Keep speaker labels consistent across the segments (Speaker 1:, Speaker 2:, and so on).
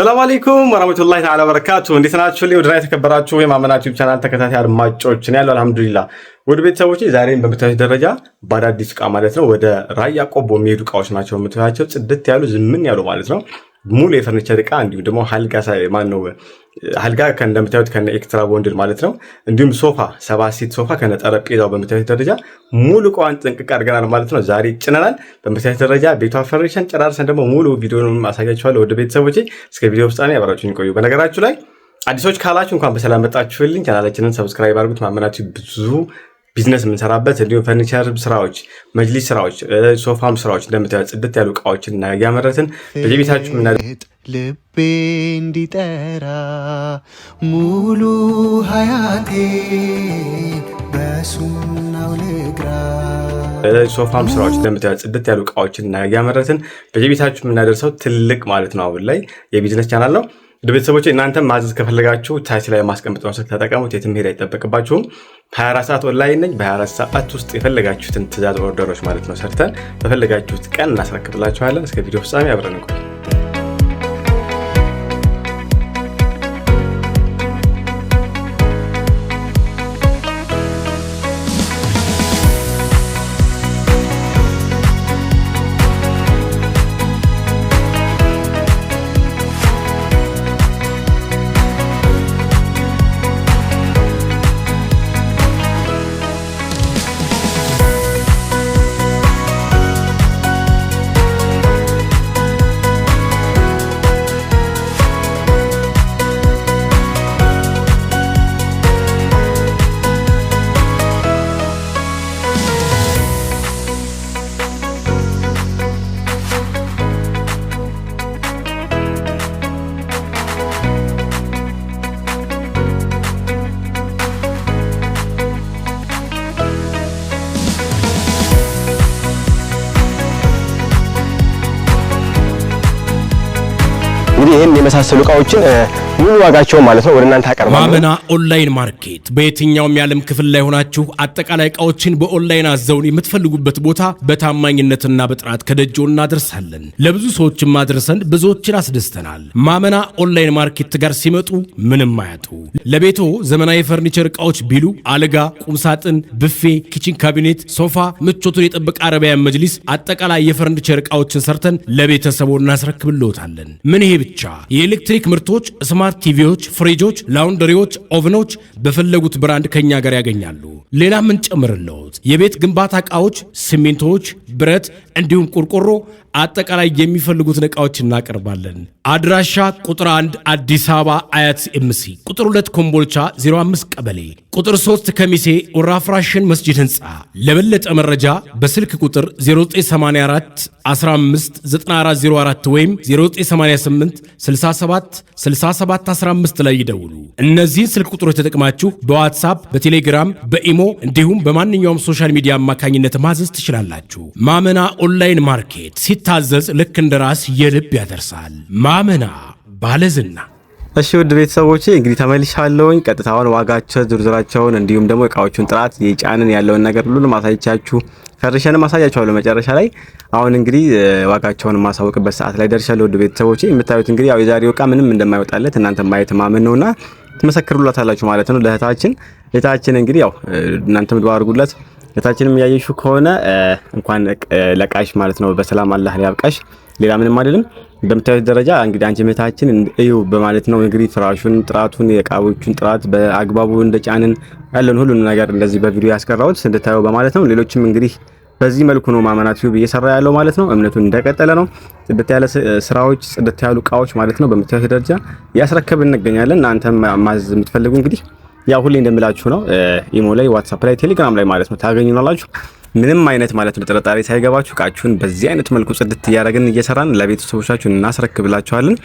Speaker 1: ሰላም አለይኩም ወራህመቱላሂ ተዓላ በረካቱ። እንዴት ናችሁ? ላይ ወደና የተከበራችሁ የማመናችሁ ዩቲዩብ ቻናል ተከታታይ አድማጮች ነው ያለው። አልሐምዱሊላህ ወደ ቤተሰቦች ዛሬም በምታዩት ደረጃ በአዳዲስ እቃ ማለት ነው ወደ ራያ ቆቦ የሚሄዱ ዕቃዎች ናቸው የምታዩቸው። ጽድት ያሉ ዝምን ያሉ ማለት ነው ሙሉ የፈርኒቸር እቃ እንዲሁም ደግሞ ሀልጋ ማነው ሀልጋ እንደምታዩት ከነ ኤክስትራ ቦንድድ ማለት ነው። እንዲሁም ሶፋ ሰባት ሲት ሶፋ ከነ ጠረጴዛው በምታዩት ደረጃ ሙሉ እቃዋን ጥንቅቅ አድርገናል ማለት ነው። ዛሬ ጭነናል በምታዩት ደረጃ ቤቷ ፈርኒሸን ጨራርሰን ደግሞ ሙሉ ቪዲዮን አሳያችኋለሁ። ወደ ቤተሰቦቼ እስከ ቪዲዮ ፍጻሜ አብራችሁን ቆዩ። በነገራችሁ ላይ አዲሶች ካላችሁ እንኳን በሰላም መጣችሁልኝ። ቻናላችንን ሰብስክራይብ አድርጉት። ማመናችሁ ብዙ ቢዝነስ የምንሰራበት እንዲሁም ፈርኒቸር ስራዎች፣ መጅሊስ ስራዎች፣ ሶፋም ስራዎች እንደምታዩ ጽድት ያሉ እቃዎችን እና እያመረትን በየቤታችሁ ምና
Speaker 2: ልቤ እንዲጠራ ሙሉ ሀያቴ በሱናው ልግራ
Speaker 1: ሶፋም ስራዎች እንደምታዩ ጽድት ያሉ እቃዎችን እና እያመረትን በየቤታችሁ የምናደርሰው ትልቅ ማለት ነው አሁን ላይ የቢዝነስ ቻናል ነው። ቤተሰቦች እናንተም ማዘዝ ከፈለጋችሁ ታች ላይ ማስቀምጠውን ስትተጠቀሙት የትም መሄድ አይጠበቅባችሁም። 24 ሰዓት ኦንላይን ነኝ። በ24 ሰዓት ውስጥ የፈለጋችሁትን ትእዛዝ ኦርደሮች ማለት ነው ሰርተን በፈለጋችሁት ቀን እናስረክብላችኋለን። እስከ ቪዲዮ ፍጻሜ አብረን እንግዲህ ይህን የመሳሰሉ እቃዎችን ሙሉ ዋጋቸው ማለት ነው ወደ እናንተ አቀርባለሁ።
Speaker 3: ማመና ኦንላይን ማርኬት በየትኛውም የዓለም ክፍል ላይ ሆናችሁ አጠቃላይ እቃዎችን በኦንላይን አዘውን የምትፈልጉበት ቦታ በታማኝነትና በጥራት ከደጆ እናደርሳለን። ለብዙ ሰዎችም ማድረሰን ብዙዎችን አስደስተናል። ማመና ኦንላይን ማርኬት ጋር ሲመጡ ምንም አያጡ። ለቤቶ ዘመናዊ የፈርኒቸር እቃዎች ቢሉ አልጋ፣ ቁምሳጥን፣ ብፌ፣ ኪችን ካቢኔት፣ ሶፋ፣ ምቾቱን የጠበቀ አረቢያን መጅሊስ፣ አጠቃላይ የፈርኒቸር እቃዎችን ሰርተን ለቤተሰቦ እናስረክብልዎታለን። ምን ይሄ ብቻ የኤሌክትሪክ ምርቶች ስማ ስማርት ቲቪዎች፣ ፍሪጆች፣ ላውንደሪዎች፣ ኦቭኖች በፈለጉት ብራንድ ከኛ ጋር ያገኛሉ። ሌላ ምን ጨምርለውት? የቤት ግንባታ ዕቃዎች፣ ሲሚንቶዎች፣ ብረት፣ እንዲሁም ቆርቆሮ አጠቃላይ የሚፈልጉትን እቃዎች እናቀርባለን። አድራሻ ቁጥር 1 አዲስ አበባ አያት ኤምሲ፣ ቁጥር 2 ኮምቦልቻ 05 ቀበሌ፣ ቁጥር 3 ከሚሴ ወራፍራሽን መስጂድ ህንፃ። ለበለጠ መረጃ በስልክ ቁጥር 0984 15 9404 ወይም 0988 67 67 15 ላይ ይደውሉ። እነዚህን ስልክ ቁጥሮች ተጠቅማችሁ በዋትሳፕ በቴሌግራም በኢሞ እንዲሁም በማንኛውም ሶሻል ሚዲያ አማካኝነት ማዘዝ ትችላላችሁ። ማመና ኦንላይን ማርኬት ሲታዘዝ ልክ እንደ ራስ የልብ ያደርሳል። ማመና ባለዝና።
Speaker 1: እሺ ውድ ቤተሰቦቼ እንግዲህ ተመልሻለሁኝ። ቀጥታውን ዋጋቸው፣ ዝርዝራቸውን እንዲሁም ደግሞ እቃዎቹን ጥራት የጫንን ያለውን ነገር ሁሉንም አሳይቻችሁ ፈርሸንም አሳያችኋለሁ መጨረሻ ላይ። አሁን እንግዲህ ዋጋቸውን የማሳወቅበት ሰዓት ላይ ደርሻለሁ። ውድ ቤተሰቦቼ የምታዩት እንግዲህ ያው የዛሬው እቃ ምንም እንደማይወጣለት እናንተ ማየት ማመን ነውና ትመሰክሩላታላችሁ ማለት ነው ለእህታችን። እህታችን እንግዲህ ያው እናንተ ምድባ አድርጉላት እህታችንም ያየሹ ከሆነ እንኳን ለቃሽ ማለት ነው። በሰላም አላህ ያብቃሽ። ሌላ ምንም አይደለም። በምታዩት ደረጃ እንግዲህ አንቺ እህታችን እዩ በማለት ነው እንግዲህ ፍራሹን ጥራቱን፣ የእቃዎቹን ጥራት በአግባቡ እንደጫንን ያለን ሁሉን ነገር እንደዚህ በቪዲዮ ያስቀራሁት እንድታየው በማለት ነው። ሌሎችም እንግዲህ በዚህ መልኩ ነው ማመናት ዩብ እየሰራ ያለው ማለት ነው። እምነቱን እንደቀጠለ ነው። ጽድት ያለ ስራዎች፣ ጽድት ያሉ እቃዎች ማለት ነው በምታዩት ደረጃ እያስረከብ እንገኛለን። እናንተም ማዝ የምትፈልጉ እንግዲህ ያው ሁሌ እንደምላችሁ ነው። ኢሞ ላይ፣ ዋትሳፕ ላይ፣ ቴሌግራም ላይ ማለት ነው ታገኙናላችሁ። ምንም አይነት ማለት ነው ጥርጣሬ ሳይገባችሁ እቃችሁን በዚህ አይነት መልኩ ጽድት እያደረግን እየሰራን ለቤተሰቦቻችሁን እናስረክብላችኋለን።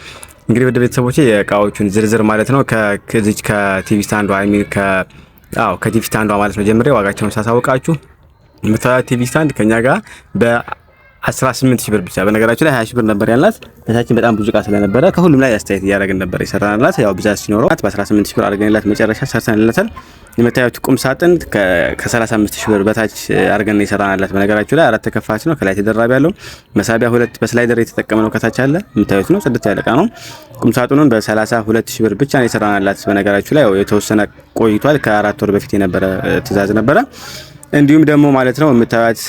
Speaker 1: እንግዲህ ወደ ቤተሰቦች የእቃዎቹን ዝርዝር ማለት ነው ከዚች ከቲቪ ስታንዷ ሚን ከቲቪ ስታንዷ ማለት ነው ጀምሬ ዋጋቸውን ሳሳውቃችሁ ምታ ቲቪ ስታንድ ከኛ ጋር በ 18 ሺህ ብር ብቻ። በነገራችን ላይ 20 ሺህ ብር ነበር ያላት። እህታችን በጣም ብዙ እቃ ስለነበረ ከሁሉም ላይ አስተያየት እያደረግን ነበር የሰራንላት። ያው ብዛት ሲኖረው በ18 ሺህ ብር አድርገንላት መጨረሻ ሰርተንለታል። የምታዩት ቁም ሳጥን ከ35 ሺህ ብር በታች አድርገን የሰራንላት። በነገራችሁ ላይ አራት ተከፋች ነው። ከላይ ተደራቢ ያለው መሳቢያ ሁለት በስላይደር የተጠቀምነው ከታች አለ የምታዩት ነው። ጽድት ያለቃ ነው። ቁም ሳጥኑን በ32 ሺህ ብር ብቻ ነው የሰራንላት። በነገራችሁ ላይ የተወሰነ ቆይቷል። ከአራት ወር በፊት የነበረ ትእዛዝ ነበረ። እንዲሁም ደግሞ ማለት ነው የምታዩት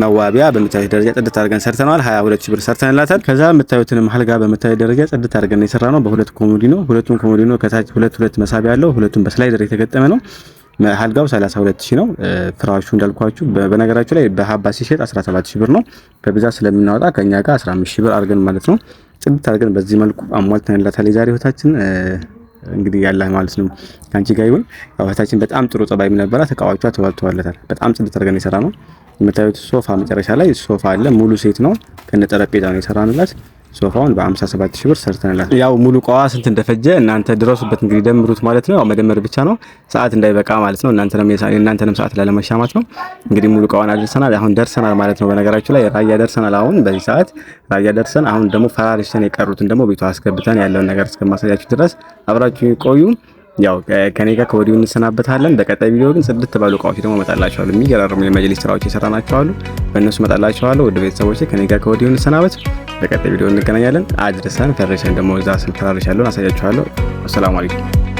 Speaker 1: መዋቢያ በምታዩት ደረጃ ጽድት አድርገን ሰርተነዋል። 22 ሺህ ብር ሰርተንላታል። ከዛ የምታዩትን አልጋ በምታዩት ደረጃ ጽድት አድርገን የሰራ ነው። በሁለት ኮሞዲኖ ሁለቱም ኮሞዲኖ ከታች ሁለት ሁለት መሳቢያ አለው። ሁለቱም በስላይደር የተገጠመ ነው። አልጋው 32 ሺህ ነው። ፍራሹ እንዳልኳችሁ በነገራችሁ ላይ በሀባ ሲሸጥ 17 ሺህ ብር ነው። በብዛት ስለምናወጣ ከኛ ጋር 15 ሺህ ብር አድርገን ማለት ነው ጽድት አድርገን በዚህ መልኩ አሟልተንላታል የዛሬ ህይወታችን እንግዲህ ያለ ማለት ነው ከአንቺ ጋር ይሁን። እህታችን በጣም ጥሩ ጸባይም ነበራት። እቃዎቿ ተዋልተዋለታል። በጣም ጽድት አድርገን የሰራ ነው። የምታዩት ሶፋ መጨረሻ ላይ ሶፋ አለ። ሙሉ ሴት ነው። ከነ ጠረጴዛ ነው የሰራንላት። ሶፋውን በአምሳ ሰባት 57000 ብር ሰርተናል። ያው ሙሉ ቀዋ ስንት እንደፈጀ እናንተ ድረሱበት እንግዲህ ደምሩት ማለት ነው። ያው መደመር ብቻ ነው፣ ሰዓት እንዳይበቃ ማለት ነው። እናንተንም ሰዓት ላለመሻማት ነው። እንግዲህ ሙሉ ቀዋን አድርሰናል። አሁን ደርሰናል ማለት ነው። በነገራችሁ ላይ ራያ ደርሰናል። አሁን በዚህ ሰዓት ራያ ደርሰን አሁን ደግሞ ፈራርሽተን የቀሩትን ደግሞ ቤቷ አስገብተን ያለውን ነገር እስከማሳያችሁ ድረስ አብራችሁ ቆዩ። ያው ከኔ ጋር ከወዲሁ እንሰናበታለን። በቀጣይ ቪዲዮ ግን ጽድት ባሉ እቃዎች ደግሞ እመጣላችኋለሁ። የሚገራርሙ የመጅሊስ ስራዎች የሰራናቸው አሉ። በእነሱ እመጣላችኋለሁ። ውድ ቤተሰቦች ከኔ ጋር ከወዲሁ እንሰናበት። በቀጣይ ቪዲዮ እንገናኛለን። አድርሰን ፈርሸን ደግሞ እዛ ስንፈራርሽ ያለውን አሳያችኋለሁ። አሰላሙ አለይኩም።